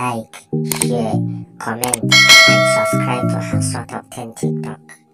like, share, comment, and subscribe to Hangshot Top 10 TikTok.